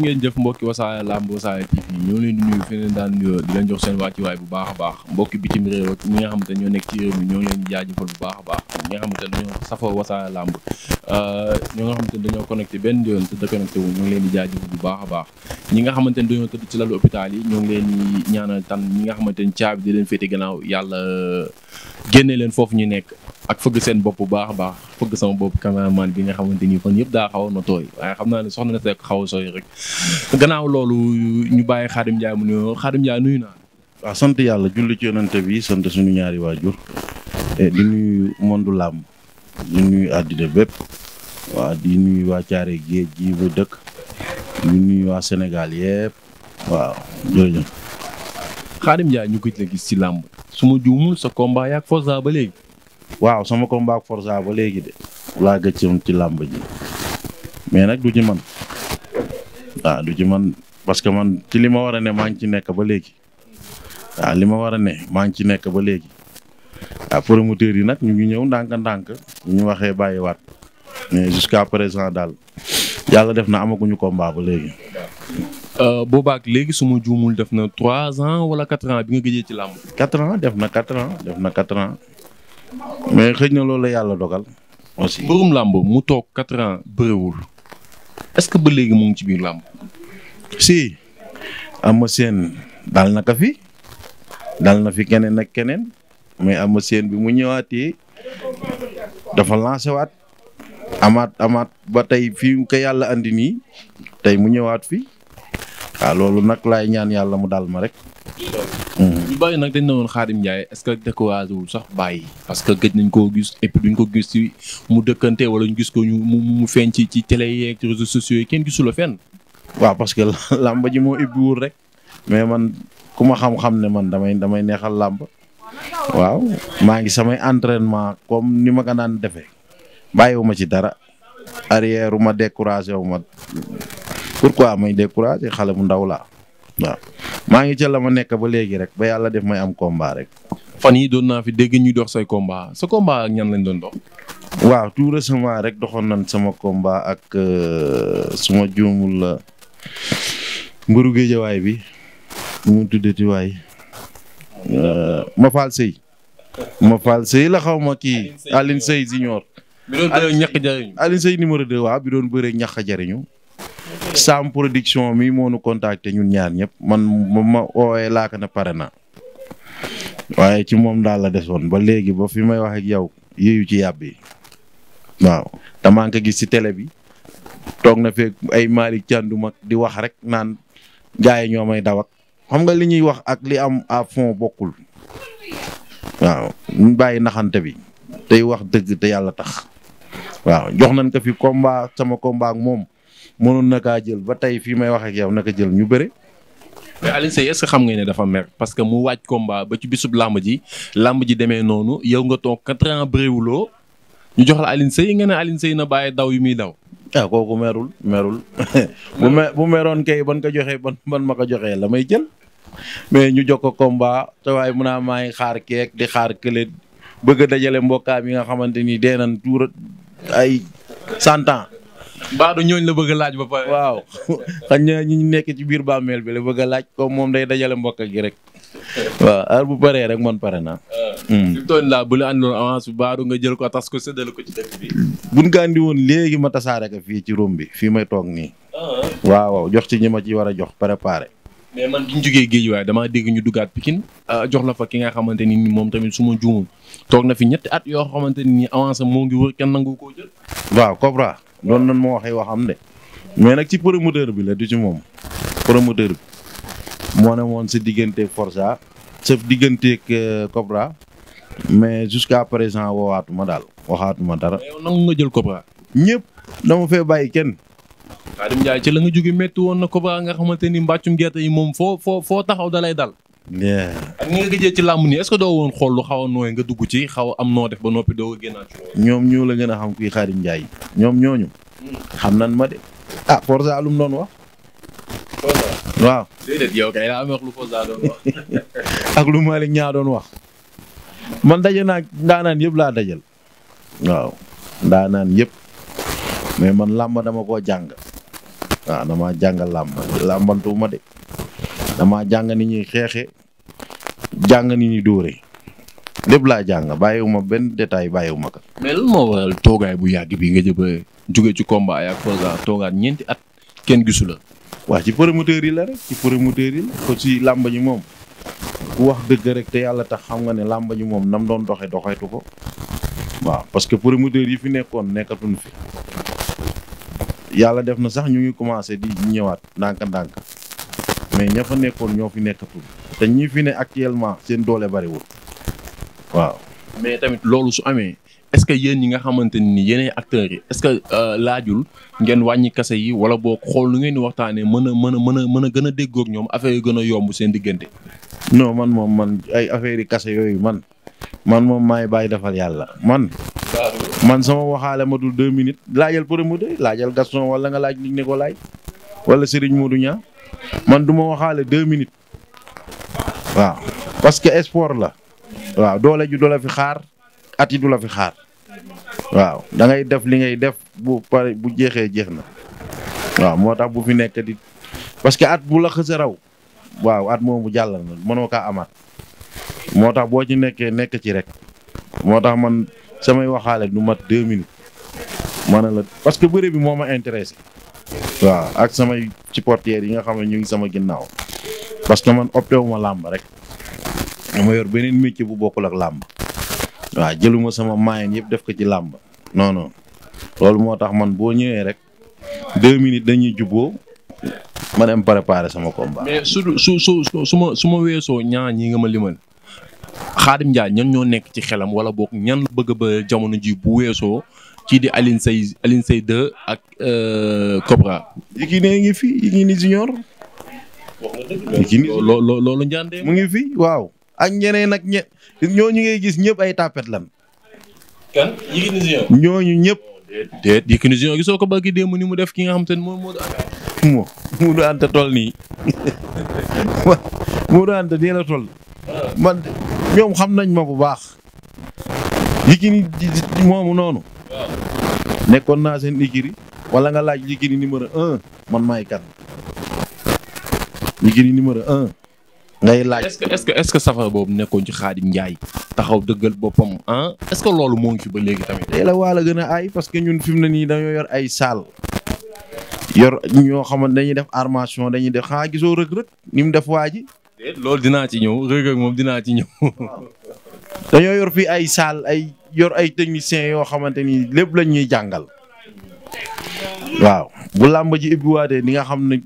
ngeen jëf mbokki wasaare làmb wasaare TV ñoo leen di leen daan nuyoo di leen jox bu baax a baax mbokki bitim réew ak ñi nga xamante ñoo nekk ci réew mi ñoo leen jaajëfal bu baax a baax ñi nga xamante dañoo safoo wasaare làmb euh, ñoo nga xamante dañoo connecté benn yoon te déconnecté ngi leen di jaajëfal bu baax a baax ñi nga xamante dañoo tëdd ci lalu hôpital yi ñoo ngi leen di ñaanal tan ñi nga xamante caabi di leen féete gannaaw yàlla euh, génne leen foofu ñu nekk ak fëgg seen bopp bu baax a baax fëgg sama bopp cameraman bi nga xamante ni fan yëpp daa xaw na tooy waaye xam naa ne soxna na sekk xaw a sooy rek gannaaw loolu ñu bàyyi Xaadim Njaay mu nuyoo Xaadim Njaay sant yàlla julli ci bi sant suñu ñaari waajur eh, di nuyu monde làmb di bépp waaw di géej gi ba dëkk di nuyu waa Sénégal yëpp waaw jërëjëf Xaadim Njaay ñu gëj la gis ci làmb su ma juumul sa combat yaag Forza ba léegi waaw sama combat ak Forza ba léegi de laa gëj ci làmb ji mais nag du ji man waaw ah, du ci man parce que man ci li ma war a ne maa ngi ci nekk ba léegi waaw ah, li ma war a ne maa ngi ci nekk ba léegi waaw ah, promoteurs yi nag ñu ngi ñëw ndànk-ndànk ñu waxee bàyyiwaat mais jusqu'à présent daal yàlla def na amaguñu ko combat ba léegi. Euh, boobaak léegi su ma juumul def na trois ans wala quatre ans bi nga gëjee ci làmb. quatre def na quatre ans def na quatre ans. mais xëj na loolu la yàlla dogal. aussi làmb mu toog quatre ans bëriwul est-ce que ba léegi mu ngi ci biir làmb. si Ama Sène dal na fi dal na fi keneen ak keneen mais Ama Sène bi mu ñëwaat ñëwaatee dafa lancé waat amaat amaat ba tey fii ko yàlla andi nii tey mu ñëwaat fi waaw loolu nag laay ñaan yàlla mu dal ma rek. ñu bàyyi nag dañ na woon Khadim Ndiaye est-ce que découragé wu sax bàyyi parce que gëj nañ koo gis et puis ko gis ci mu dëkkante wala ñu gis ko ñu mu feeñ ci ci télé yeeg ci réseaux sociaux yi kenn gisul la waaw parce que làmb ji moo ubbiwul rek mais man ku ma xam-xam ne man damay damay neexal làmb waaw maa ngi samay entraînement kom ni ma ko daan defee bàyyiwuma ci dara arrière ma découragé wu ma pourquoi may découragé xale mu ndaw laa maa ngi ca la ma nekk ba léegi rek ba yàlla def may am combat rek. fan yi doon naa fi dégg ñuy dox say combat sa combat ak lañ doon dox. waaw tout récemment rek doxoon nañ sama combat ak euh, suma juumul la mburu waay bi mu tuddati waay euh, ma faal sëy ma faal sëy la xaw ma kii Aline Seye junior bi doon numéro 2 waaw bi doon bëre ñàkk jariñu Sam production mi moo nu ñun ñaar ñëpp man ma oowee laaka na pare na waaye ci moom daal la desoon ba léegi ba fi may wax ak yow yéeyu ci yàbb waaw damaa ngi ko gis ci télé bi toog na fekk ay Malick Thiandoum ak di wax rek naan gars yi ñoo may daw xam nga li ñuy wax ak li am à fond bokkul waaw ñu bàyyi naxante bi tey wax dëgg te yàlla tax waaw jox nañ ko fi sama combat ak moom mënoon na kaa jël ba tey fii may wax ak yow naka jël ñu bëre. mais Alioune Seye xam nga ne dafa mer parce que mu waaj komba ba ci bisub làmb ji làmb ji demee noonu yow nga toog quatre ans bëriwuloo ñu jox la Alioune Seye nga ne Alioune na bàyyi daw yu muy daw. ah kooku merul merul. bu meroon kay ban ko joxee ban ban ma ko joxee la may jël. mais ñu jox ko combat te waaye mun naa maa ngi xaar keek di xaar kële bëgg dajale mbokkaam yi nga xamante ni dee nañ tuur ay cent baadu ñooñ la bëgg a laaj ba pare. waaw xañ na ñi nekk ci biir bàmmeel bi la bëgg a laaj comme moom day dajale mbokk gi rek. waaw heure bu paree rek man pare naa. Ah. Hmm. fi laa bu la andiloon avance bi baadu ko tas ko séddale ko ci dëkk bi. buñ léegi ma tasaare ko fii ci room bi fii may toog nii. Ah. waaw jox ci ñi ma ci war a jox préparé. mais man bi ñu jógee géej waaye damaa dégg ñu duggaat Pikine ah, jox la fa ki nga xamante ni moom tamit suma ma toog na fi ñetti at yoo xamante ni avance moo ngi wër kenn nangu ko jël. waaw Cobra. doon nan moo waxee waxam ne mais nag ci promoteur bi la du ci moom promoteur bi moo ne woon sa diggante Forza sa digganteeg euh, Cobra mais jusqu'à présent woowaatuma daal waxaatuma dara. yow nangu nga jël Cobra. ñëpp dama fee bàyyi kenn. Khadim Ndiaye ci la nga jóge métti woon na Cobra nga xamante ni mbàccum gerte yi moom foo foo foo taxaw dalay dal. bien. ak nga gëjee ci làmb nii est-ce que doo woon xool lu xaw a nooy nga dugg ci xaw am noo def ba noppi doo génnaat ñoom ñoo la gën a xam kuy Xaadim Njaay ñoom ñooñu. Hmm. xam nan ma ah, doon wax. waaw. yow lu Forza doon ak lu Malick ñaa doon wax. man daje naa daanaan yëpp laa dajal. waaw daanaan yëpp. mais man làmba dama ko jàng. waaw ah, damaa jàngal làmb làmbantu ma de. dama jàng ni ñuy xeexe jàng ni ñuy dóore lépp laa jàng bàyyiwuma benn détail bàyyiwuma ko. mais lan moo waral toogaay bu yàgg bi nga jëm jóge ci kombaay ak Forza toogaat ñeenti at kenn gisu la. waa ci promoteur yi la rek ci promoteur yi la. ko ci làmba ñi moom ku wax dëgg te yàlla tax xam nga ne làmb ñi moom nam doon doxee doxetu ko waaw parce que promoteur yi fi nekkoon nekkatuñ fi yàlla def na sax ñu ngi commencé di ñëwaat ndànk-ndànk. mais ña fa nekkoon ñoo fi nekkatul te ñi fi ne actuellement seen doole bariwul waaw. mais tamit loolu su amee est-ce que yéen ñi nga xamante ni yeneen acteur yi est-ce que euh, laajul ngeen wàññi kase yi wala boo xool nu ngeen di waxtaanee mën a mën a mën a mën a gën a déggoog ñoom affaire yi gën a yomb seen diggante. non man moom man ay affaire yi kase yooyu man man moom maay bàyyi defal yàlla man. man sama waxaale ma dul deux minutes laajal promoteur laajal Gaston wala nga laaj nit ñi ko man du ma waxaale deux minutes waaw parce que sport la waaw doole ju du la fi xaar at yi du la fi xaar waaw da ngay def li ngay def bu pare bu jeexee jeex na waaw moo tax bu fi nekk di parce que at bu la xësa raw waaw at moomu jàll na mënoo kaa amaat moo tax boo ci nekkee nekk ci rek moo tax man samay waxaale du mat deux minutes ma ne la parce que bëre bi moo ma intéressé waaw ak samay supporters yi nga xam ne ñu ngi sama ginnaaw parce que man opté wu ma làmb rek dama yor beneen métier bu bokkul ak làmb waaw jëluma sama moyen yëpp def ko ci làmb non loolu moo tax man boo ñëwee rek deux minutes dañuy jubboo ma dem préparer sama combat. mais su su su ma su ma weesoo ñaar ñi nga ma limal Xaadim Ndiaye ñan ñoo nekk ci xelam wala boog ñan bëgg ba jamono ji bu weesoo kii di Alioune Seye Alioune Seye 2 ak euh, Cobra. Yékini ngi fi Yékini Junior. Yékini loo loo loolu njàndee mu ngi fi waaw. ak ñeneen ak ñe ñooñu ngay gis ñëpp ay tapet lan. kan Yékini Junior. ñooñu ñëpp. déet Yékini Junior gisoo ko ba ki démb ni mu def ki nga xam te ne moom moo moo Modou Anta toll nii Modou Anta nii la toll man xam nañ ma bu baax Yékini moomu noonu. nekkoon naa seen écurie wala nga laaj écurie numéro un man maay kan écurie numéro un ngay laaj. est-ce que est-ce que est-ce que safara boobu nekkoon ci Xaadim Njaay taxaw dëggal boppam ah est-ce que loolu moo ngi fi ba léegi tamit. tey la waa la gën a aay parce que ñun fi mu ne nii dañoo yor ay saal yor ñoo xamante dañuy def armation dañuy def xanaa gisoo rëg-rëg ni mu def waa ji. loolu dinaa ci ñëw rëg moom dinaa ci ñëw. dañoo yor fii ay saal yor ay techniciens yoo xamante ni lépp lañ ñuy jàngal waaw bu làmb ji ibbiwaatee di nga xam ne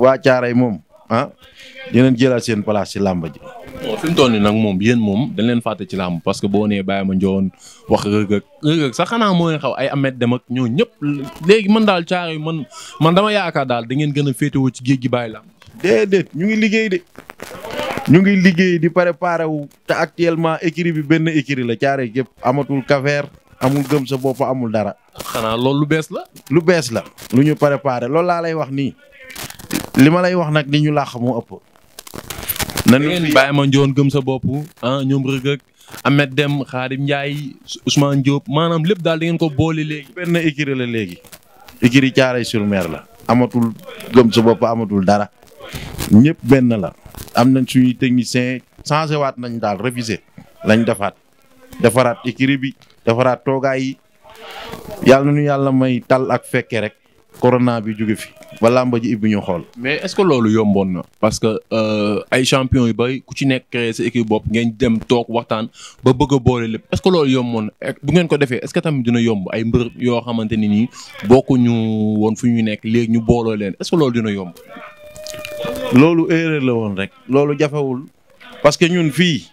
waa caaray moom ah dinañ jëlaat seen place ci làmb ji. waaw fi nag moom yéen moom dañ leen fàtte ci làmb parce que boo nee bàyyi ma njoon wax rëgg rëgg sax xanaa moo xaw ay amet dem ak ñoo ñëpp léegi man daal caaray man man dama yaakaar daal da ngeen gën a féetewoo ci géej gi bàyyi làmb. déedéet ñu ngi liggéey de. ñu ngi liggéey di préparé wu te actuellement écurie bi benn écurie la caare gépp amatul kaveer amul gëm sa bopp amul dara. xanaa loolu lu bees la. lu bees la lu ñu préparé loolu laa lay wax nii li ma lay wax nag ni ñu làq moo ëpp. nan ngeen bàyyi ma gëm sa bopp ah ñoom Reug Reug Ahmed Deme Khadim Ndiaye Ousmane Diop maanaam lépp daal di ngeen ko boole léegi. benn écurie la léegi. écurie Thiaroye sur Mer la. amatul gëm sa bopp amatul dara ñëpp benn la. am nañ suñuy technicien changé waat nañ daal révisé lañ defaat defaraat écurie bi defaraat toogaay yi yàlla na ñu yàlla may tal ak fekke rek corona bi jóge fi wala làmba ji ibbi ñu xool. mais est loolu yomboon na. parce que euh, ay champion yu bëri ku ci nekk créé sa équipe ngeen dem toog waxtaan ba bëgg a boole lép est-ce loolu yomboon na bu ngeen ko defee est-ce que tamit dina yomb ay mbër yoo xamante ni nii bokkuñu woon fu ñu nekk léegi ñu booloo leen est-ce loolu dina yomb. loolu erreur la woon rek loolu jafewul parce que ñun fii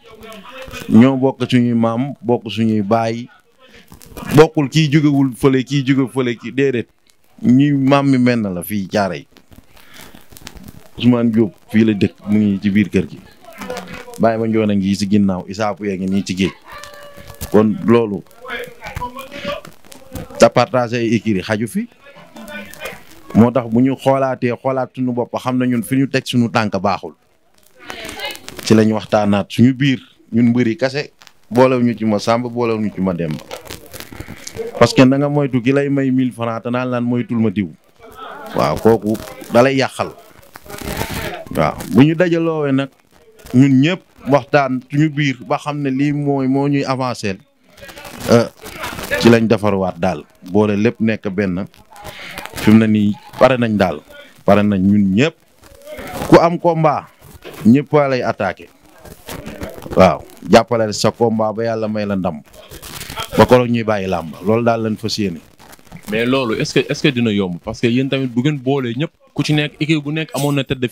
ñoo bokk suñuy maam bokk suñuy baay bokkul kii jógewul fële kii jóge fële kii déedéet ñuy maam mi mel na la fii jaare yi Ousmane Diop fii la dëkk mu ngi ci biir kër gi bàyyi ma njoon a ngi si ginnaaw isaapu yee ngi nii ci géej kon loolu ta partagé ay xaju fi moo tax bu ñu xoolaatee xoolaat suñu bopp xam na ñun fi ñu teg suñu tànk baaxul ci lañ waxtaanaat suñu biir ñun mbëri kase boole ñu ci ma samba boole ñu ci ma demba parce que nanga moytu ki lay may 1000 francs te naan laan moytul ma diw waaw kooku dalay yàqal waaw bu ñu dajaloowee nag ñun ñëpp waxtaan suñu biir ba xam ne lii mooy moo ñuy avancer euh, ci lañ defarwaat daal boole lépp nekk benn fi mu ne nii pare nañ daal pare nañ ñun ñëpp ku am combat ñëpp a lay attaqué waaw jàppale sa combat ba yàlla may la ndam ba koroog ñuy bàyyi làmb loolu daal lañ fas yéene. mais loolu est-ce que est dina yomb parce que yéen tamit bu ngeen boolee ñëpp ku ci nekk équipe bu nekk amoon na tête de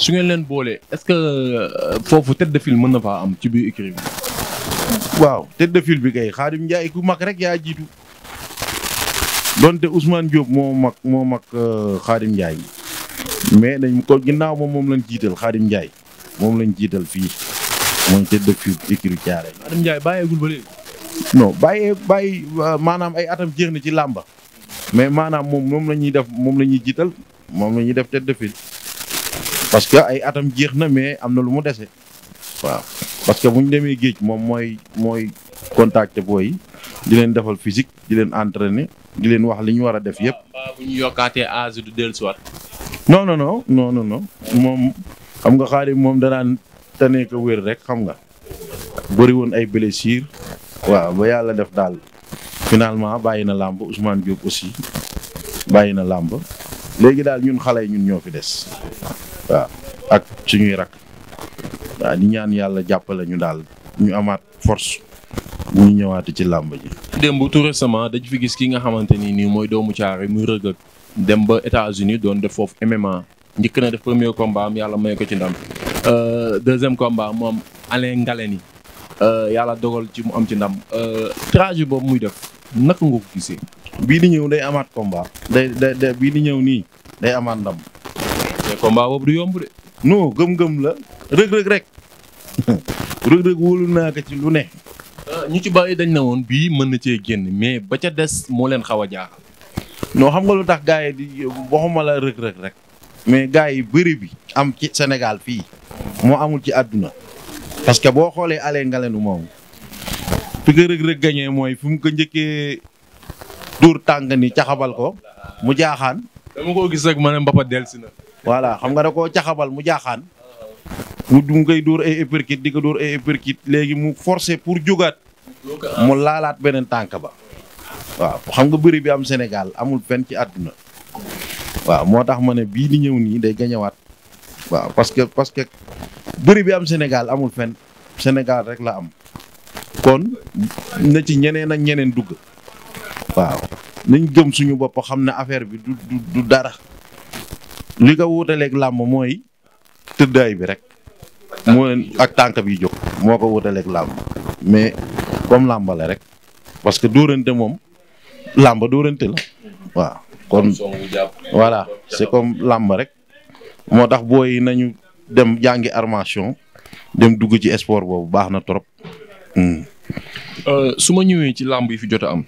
su ngeen leen boolee est-ce que euh, foofu tête de file mën na faa am ci biir équipe bi. waaw tête de bi kay Xaadim Njaay ku mag rek yaa jiitu. donte Ousmane Diop moo mag moo mag Xaadim euh, Ndiaye mais dañ ko ginnaaw moom moom lañ jiital Xaadim Ndiaye moom lañ jiital fii moom te dëkk fii écurie Thiaroye. Ndiaye bàyyeegul ba léegi. non bàyyee bàyyi euh, maanaam ay atam jeex na ci làmba mais maanaam moom moom la ñuy def moom la ñuy jiital moom la ñuy def tête de parce que ay atam jeex na mais am na lu mu dese waaw parce que bu ñu demee géej moom mooy mooy contacté booy di leen defal physique di leen entraîner di leen wax li ñu war a def yëpp. mbaa bu ñu yokkaatee âge du dellusiwaat. non non non non non moom xam nga xaarim moom danaan tane ko wér rek xam nga. bëri woon ay blessure waaw ba yàlla def daal finalement bàyyi na làmb Ousmane Diop aussi bàyyi na làmb léegi daal ñun xale yi ñun ñoo fi des waaw ak suñuy rak waaw di ñaan yàlla jàppale ñu daal ñu amaat force. ñu ñëwaati ci làmb ji. démb tout récemment fi gis ki nga xamante ni nii mooy doomu caare muy rëgg dem ba États-Unis don def foofu MMA njëkk na def premier combat am yàlla may ko ci ndam euh, deuxième combat mu am Alain Ngalani euh, yàlla dogal ci mu am ci ndam euh, trajet boobu muy def naka nga gisee. bii di ñëw day amaat combat. day day bii di ñëw nii day amaat ndam. te combat boobu du yomb de. non gëm-gëm la rëg-rëg rek rëg-rëg naa ko ci lu ne. ñu ci bàyyi dañ ne woon bii mën na cee génn mais ba ca des moo leen xaw a jaaxal. noo xam nga lu tax gaay yi di waxuma la rëg rëg rek. mais gars yi bëri bi am ci senegal fii moo amul ci àdduna parce que boo xoolee Allé Ngalandou moom fi ko rëg rëg gañee mooy fu mu ko njëkkee dóor tàng ni caxabal ko mu jaaxaan. dama koo gis rek ma ne Mbappa delsi na. voilà xam nga mu jaaxaan. mu du ngay dóor ay di ko dóor ay uppercut léegi mu forcé pour jógaat mu laalaat beneen tànk ba waaw xam nga bëri bi am Sénégal amul fenn ci àdduna waaw moo tax ma ne bii di ñëw nii day gañewaat waaw parce que parce que bëri bi am Sénégal amul fenn Sénégal rek la am kon na ci ñeneen ak ñeneen dugg waaw nañ gëm suñu bopp xam ne affaire bi du dara li ko wutaleeg làmb mooy tëddaay bi rek moo ak tànk bi jóg moo ko wutaleeg làmb mais comme làmbale rek parce que dóorante moom làmb dóorante la waaw kon voilà c'est comme làmba rek moo tax booy nañu dem jàngi armation dem dugg ci sport boobu baax na trop. Hmm. Euh, su ma ñëwee ci làmb yi fi jot am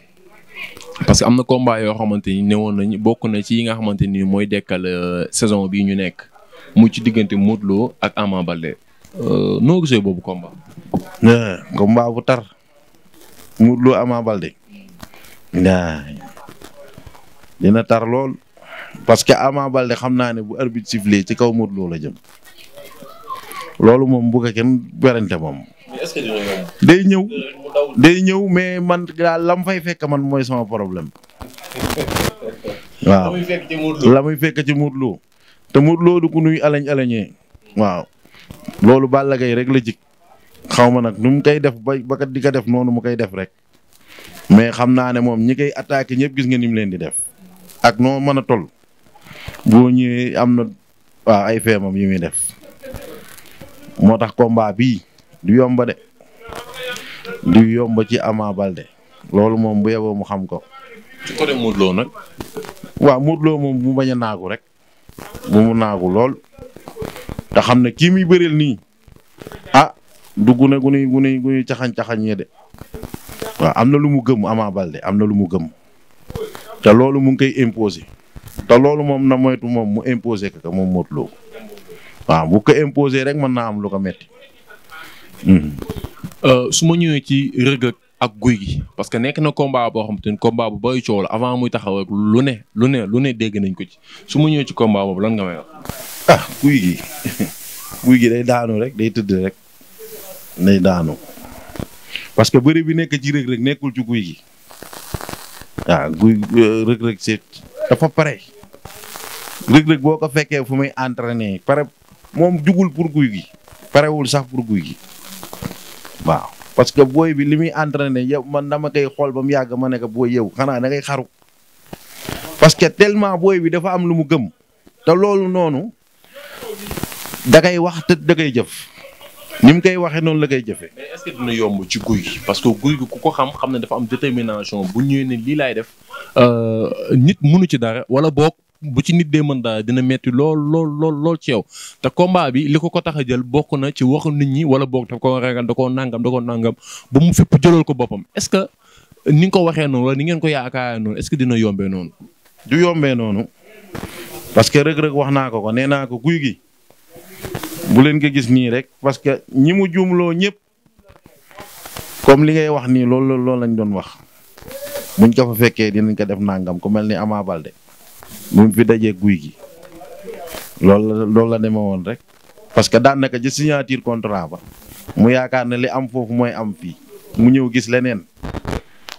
parce que am na combat yoo xamante ni woon nañ bokk na ci yi nga xamante ni mooy dekkal euh, saison bii ñu nekk mu ci diggante Modou Lo ak Ama bale euh, noo gisee boobu combat. Eh, combat bu tar Modou Lo Ama balde ndaay dina tar lool parce que Ama Baldé xam naa ne bu arbitre sifflé ci kaw Modou Lo la jëm loolu moom bu ko kenn werante moom. est ñëw. day ñëw day ñëw mais man daal lam fay fekk man mooy sama problème waaw. la muy fekk ci Modou Lo te Modou Lo du ko nuy alañ alañee waaw loolu Balla Gaye rek la jik xaw ma nag nu mu koy def ba ba di ko def noonu mu koy def rek mais xam naa ne moom ñi koy attaqué ñëpp gis nga mu leen di def ak noo mën a toll boo am na waaw ay feemam yi muy def moo tax combat bii di yomba de du yomba ci Ama Baldé loolu moom bu yeboo mu xam ko. ci côté Modou Lo nag. waaw Modou a naagu rek bu mu naagu lool te xam ne kii muy bëreel nii ah, dugg na gu nuy gu nuy gu nuy caxañ-caxañ ñe de waaw am na lu mu gëm bal Baldé am na lu mu gëm te loolu mu ngi koy imposer te loolu moom na moytu moom mu imposer ko moom Modou Lo waaw bu ko imposer rek mën naa am lu ko metti hmm. euh, su ma ñëwee ci rëgg ak guy gi parce que nekk na combat boo xam te ni combat bu bay coow la avant muy taxaw ak lu ne lu ne lu ne dégg nañ ko ci su ma ñëwee ci combat boobu lan nga may wax. guy gi gi day daanu rek day tëdd rek. nay daanu. parce que bëri bi nekk ci Reug Reug nekkul ci guy gi. waaw guy euh, Reug Reug c'est dafa pare. Reug Reug boo ko fekkee fu muy yi pare moom jugul pour guy gi. parewul sax pour guy gi. waaw parce que booy bi li muy entraîner yow man dama koy xool ba mu yàgg ma ne ko booy yow xanaa da ngay xaru. parce que tellement booy bi dafa am lu mu gëm. te loolu noonu. da wax te da ngay jëf. ni mu koy waxee noonu la koy jëfee. dina yomb ci guy gi parce que guy gi ku ko xam xam ne dafa am détermination bu ñëwee ne lii laay def euh, nit mënu ci dara wala boog bu ci nit dee mën daal dina metti lool lool lool lool ci yow te combat bi li ko ko tax a jël bokk na ci waxu nit ñi wala boog daf ko ragal da koo nangam da koo nangam ba mu fépp jëlal ko boppam est-ce que ni nga ko waxee noonu wala ni ngeen ko yaakaaree noonu est-ce que dina yombee noonu. du yombee noonu. parce que rëg-rëg wax naa ko ko naa ko guy gi. bu leen ko gis nii rek parce que ñi mu juumloo ñëpp comme li ngay wax nii loolu loolu lañ doon wax muñ ko fa fekkee dinañ ko def nangam ko mel ni Ama Balde mu fi dajee guy gi loolu la loolu demee woon rek parce que daanaka ja signature contrat ba mu yaakaar ne li am foofu mooy am fii mu ñëw gis leneen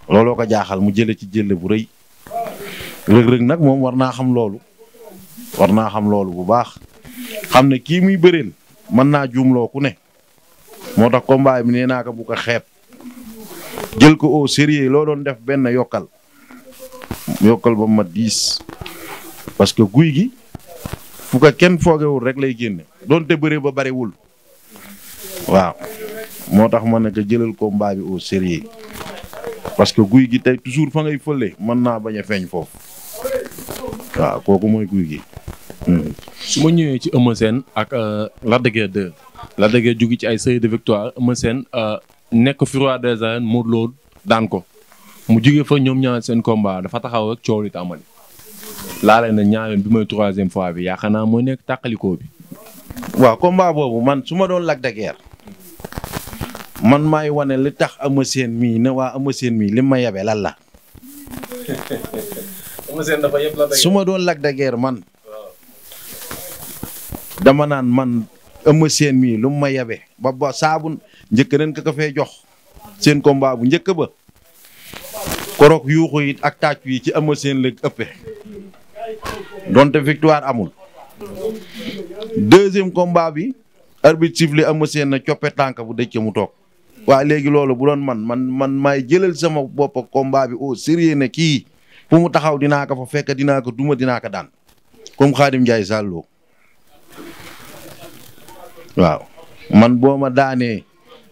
looloo ko jaaxal mu jële ci jële bu rëy rëg-rëg nag moom war naa xam loolu war naa xam loolu bu baax xam ne kii muy bëreel mën naa juumloo ku ne moo tax combat bi nee naa ko bu ko xeeb jël ko au sérieux loo doon def benn yokkal yokkal ba mu mat diis parce que guy gi fu kenn foogewul rek lay génne doonte bëre ba bariwul waaw moo tax ma ne ko jëlal combat bi au sérieux parce que guy gi tey toujours fa ngay fële mën naa bañ a feeñ foofu waaw kooku mooy guy gi. su ma ñëwee ci Eumeu Sène ak euh, Lac de Guiers 2 Lac jóge ci ay série de victoire Eumeu Sène euh, nekk fi roi des arènes Modou Lo daan ko mu jóge fa ñoom ñaar seen combat dafa taxaw rek coow li tàmbali laale na ñaaroon bi mooy troisième fois bi yaakaar xanaa mooy nekk tàqalikoo bi. waaw combat boobu man su ma doon Lac de Guiers man maay wane li tax Eumeu Sène mii ne waa Eumeu Sène mii li ma yebee lan la. su ma doon Lac man. dama naan man Eumeu Sène mii lu mu ma yabe ba ba saabu njëkk nañ ko ko fee jox seen combat bu njëkk ba koroog yuuxu yi ak tàccu yi ci Eumeu Sène la ëppe donte victoire amul deuxième combat bi arbitre sifflé a Sène na coppe tànk bu dëcc mu toog waa léegi loolu bu doon man man man maay jëlal sama bopp combat bi au sérieux ne kii fu mu taxaw dinaa ko fa fekk dinaa ko duma dinaa ko daan comme Khadim Ndiaye Sall waaw man boo ma daanee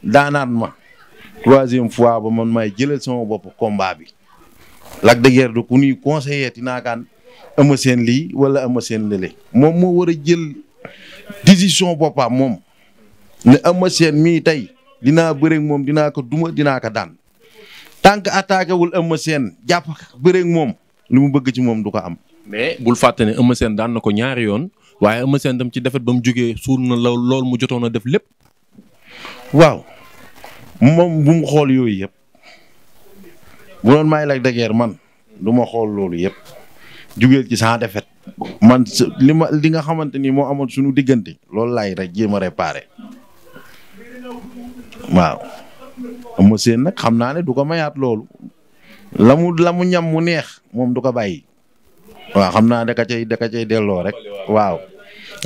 daanaat ma troisième fois ba man may jëlal sama bopp kombaa bi. lak de Guiers du ku ñuy conseiller ti naakaan ama seen lii wala ama seen lële moom moo war a jël décision boppam moom ne ama seen mii tey dinaa bëreeg moom dinaa ko duma dinaa ko daan tant que attaqué wul ama seen jàpp bëreeg moom li mu bëgg ci moom du ko am. mais bul fàtte ne ama seen daan na ko ñaari yoon. waaye Eumeu Sène tam ci defet ba mu jógee suur na loolu mu jotoon a def lépp. waaw moom bu xool yooyu yëpp bu doon may Lac deger man duma xool loolu yëpp jugeel ci sans defet man li li nga xamante ni moo amoon suñu diggante loolu laay rek jéem a réparé waaw. Eumeu Sène nag xam naa ne du ko mayaat loolu lamu mu ñam mu neex moom du ko bàyyi. waaw xam naa da ka cay da ka delloo rek waaw.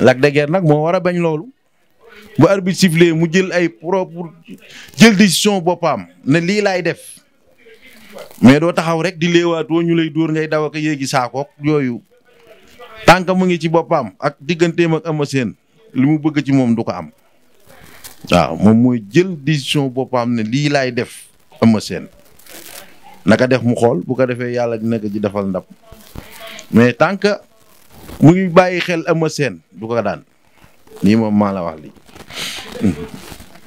Lac de nag moo war a bañ loolu bu arbitre sifflé mu jël ay propre jël décision boppam ne lii laay def mais doo taxaw rek di léewaatoo ñu lay dóor ngay daw ak yéegi saakook yooyu tànk mu ngi ci boppam ak digganteem ak Eumeu Sène li mu bëgg ci moom du ko am waaw moom mooy jël décision boppam ne lii laay def Eumeu seen naka def mu xool bu ko defee yàlla dina ko ci defal ndab mais tant que mu ngi bàyyi xel Eumeu Sène du ko daan lii moom maa la wax li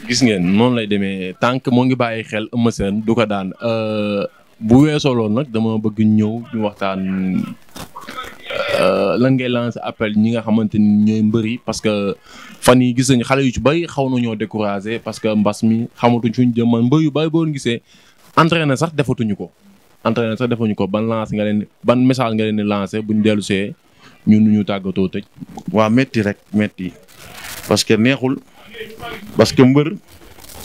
gis ngeen noonu lay demee tant que moo ngi bàyyi xel Eumeu du ko daan euh, bu weesoo loolu nag dama bëgg ñëw ñu waxtaan euh, lan ngay lancer appel ñi nga xamante ni ñooy mbëri parce que fan yi gis nañu xale yu ci bay xaw nañoo découragé parce que mbas mi xamatuñ fuñ jëm man mbër yu bari boo gisee entraîné sax defatuñu ko. entraîné sax defuñu ko ban lancé nga leen ban message nga leen di lancé buñ dellusee see ñun ñu tàggatoo tëj. waa métti rek métti parce que neexul parce que mbër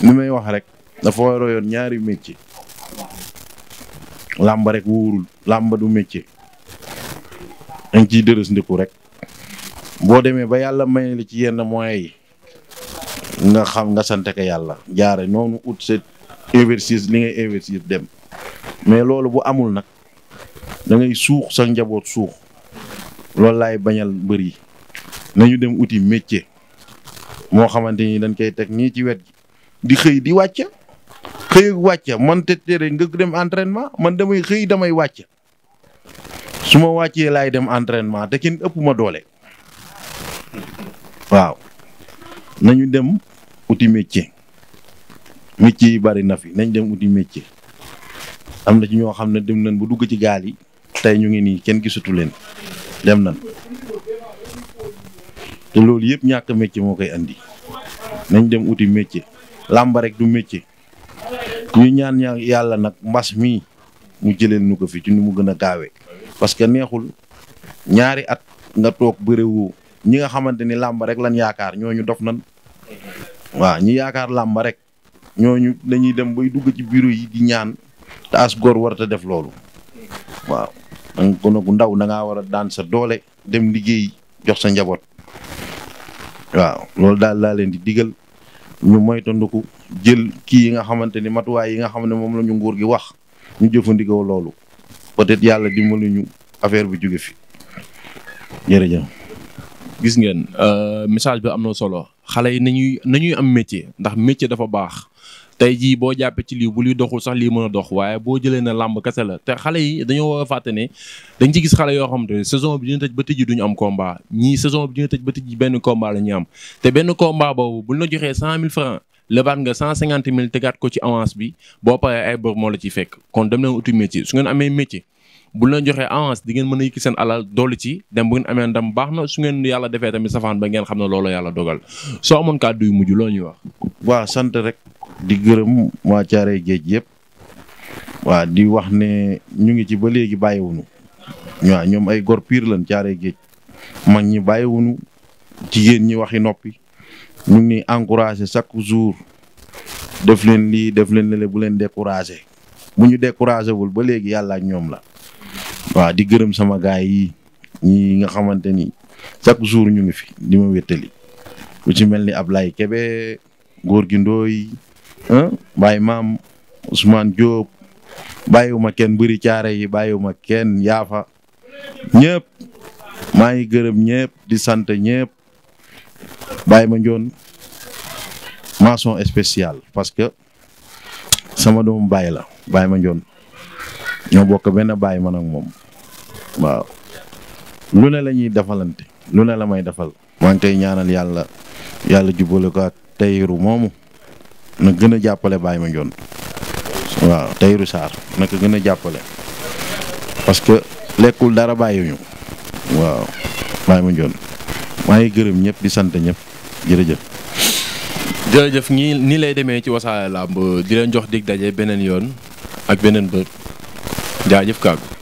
ni may wax rek dafa war yoon ñaari métier làmba rek wóorul làmba du métier dañ ciy dërës ndiku rek boo demee ba yàlla may li ci yenn moo yi. nga xam nga sant ko yàlla jaare noonu ut sa investir li ngay investir dem mais loolu bu amul nag dangay ngay suux sa njaboot suux loolu laay bañal mbër yi nañu dem uti métier moo xamante ni dañ koy teg nii ci wet gi di xëy di wàcc xëy wàcc man te tere nga dem entrainement man damay xëy damay wàcc su ma wàccee laay dem entrainement te kenn ëpp ma doole waaw nañu dem uti métier métier yi bari na fi nañ dem uti métier am na ci ñoo xam ne dem nañ bu dugg ci gaal yi tey ñu ngi nii kenn gisutu leen dem nañ te loolu yëpp ñàkk métier moo koy andi nañ dem uti métier làmba rek du métier ñu ñaan ñaan yàlla nag mbas mii mu jëleen nu ko fi ci nu mu gën a gaawee parce que neexul ñaari at nga toog bëréwoo ñi nga xamante ni làmba rek lan yaakaar ñooñu dof nan waaw ñi yaakaar làmba rek ñooñu dañuy dem bay dugg ci bureau yi di ñaan te as góor warut def loolu waaw danga ko nagu ndaw da ngaa war a daan sa doole dem liggéey jox sa njaboot waaw loolu daal laa leen di digal ñu moytandiku jël kii yi nga xamante ni matuwaay yi nga xam ne moom lañu ñu nguur gi wax ñu jëfandikoo loolu peut-être yàlla dimbali ñu affaire bi jóge fi jërëjëf. gis ngeen euh, message bi am na solo xale yi nañuy am métier ndax métier dafa baax tey jii boo jàppee ci lii bu luy doxul sax lii mën a dox waaye boo jëlee na làmb kese la te xale yi dañoo war fàtte ne dañ ci gis xale yoo xam ne saison bi dina tëj ba tëj duñu am combat ñii saison bi dina tëj ba tëj benn combat la ñu am te benn combat boobu buñ la joxee cent mille kon dem leen uti métier su ngeen amee métier bu leen mën a yëkki seen alal dolli ci dem bu ngeen ndam baax na su ngeen yàlla defee tamit safaan ba ngeen xam ne loolu yàlla dogal soo amoon kàddu yu mujj loo ñuy wax. waaw sant rek di gërëm waa Caaray géej yëpp waa di wax ne ñu ngi ci ba léegi bàyyiwunu waa ñoom ay gor piir lan Caaray géej mag ñi bàyyiwunu jigéen ñi waxi noppi ñu ngi encouragé chaque jour def leen lii def leen lële bu leen découragé bu ñu découragé wul ba léegi yàlla ñoom la waaw di gërëm sama gaay yi ñi nga xamante ni chaque jour ñu ngi fi di ma wéttali ku ci mel ni Ablaye Kebe góor gi ndooy bàyyi maam Ousmane Diop bàyyiwuma kenn bëri caara yi bàyyiwuma kenn yaafa ñëpp maa ngi gërëm ñëpp di sant ñëpp bàyyi ma njoon mention spéciale parce que sama doom bàyyi la bàyyi ma njoon ñoo bokk benn bàyyi man ak moom waaw lu ne la ñuy defalante lu ne la may defal maa ngi koy ñaanal yàlla yàlla jubale ko ak Tahirou moomu na gën a jàppale ma Mandione waaw Tahirou Sarr na ko gën a jàppale parce que lekkul dara bàyyiwuñu waaw Baye Mandione maa ngi gërëm ñëpp di sant ñëpp jërëjëf. jërëjëf ñi nii lay demee ci wasaare làmb di leen jox dig daje beneen yoon ak beneen bët jaajëf kàggu.